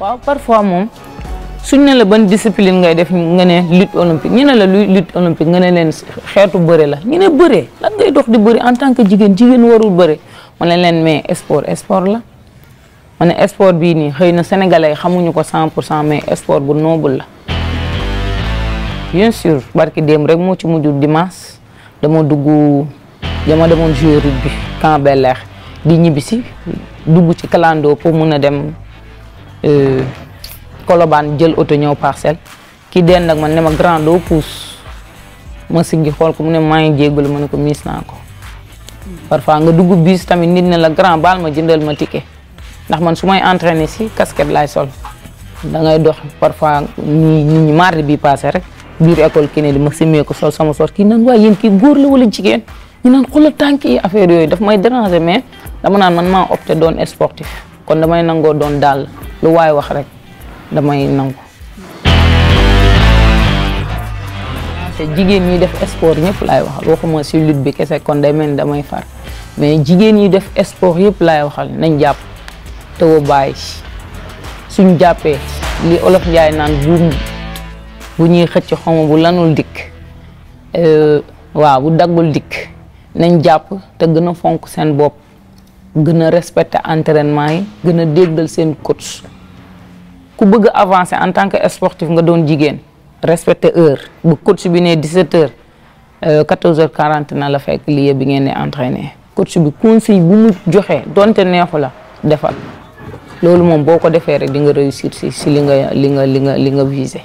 waaw parfois moom suñ ne la ban discipline ngay def nga ne lutte olympique ñu ne la luy lutte olympique nga ne leen xeetu bëre la ñu ne bëre lan ngay dox di bëre en tant que jigéen jigéen warul bëre ma ne leen mais sport sport la ma ne sport bii nii xëy na sénégalais xamuñu ko 100 pour cent mais sport bu noble la bien sûr barki démb rek moo ci mujj dimanche dama dugg dama demoon jouer rugby camp Bel-Air di ñibbisi dugg ci calando pour mun a dem Euh, koloban jël auto ñëw parcel ki den nak man ne grand do pousse ma siggi xol ko mune may maa mune ko miis naa ko parfois nga dugg bus tamit nit ne la grand bal ma jëndal ma ticket ndax man sumay entraîner ci casquette lay sol da ngay dox parfois ni ni mardi bi passé rek bir école li ma ko sol sama sort ki nan way yeen ki gor la wala jigen ñu nan xol tànk yi affaire yoy daf may déranger mais dama nan man ma opté don sportif kon damay nango don dal lu waay wax rek damay nangu. te jigéen ñi def sport ñëpp laay waxal waxuma si lutte bi kese kon day mel ni damay far mais jigéen ñi def sport yëpp laay waxal nañ jàpp te woo bàyyi suñ jàppee li olof njaay naan buum bu ñuy xëcc xawma bu lanul dikk euh, waaw bu daggul dikk nañ jàpp te gën a fonk seen bopp gën a respecté entraînement yi gën a déggal seen coach ku bëgg a avancer en tant que sportif nga doon jigéen respecter heure bu coach bi ne 17 heures 14 euh, heures 40 na la fekk lieu bi ngeen di entraîner coach bi conseil bu mu joxe donte neexu la defal loolu moom boo ko defee rek di nga réussir si si li nga li nga li nga li nga visé.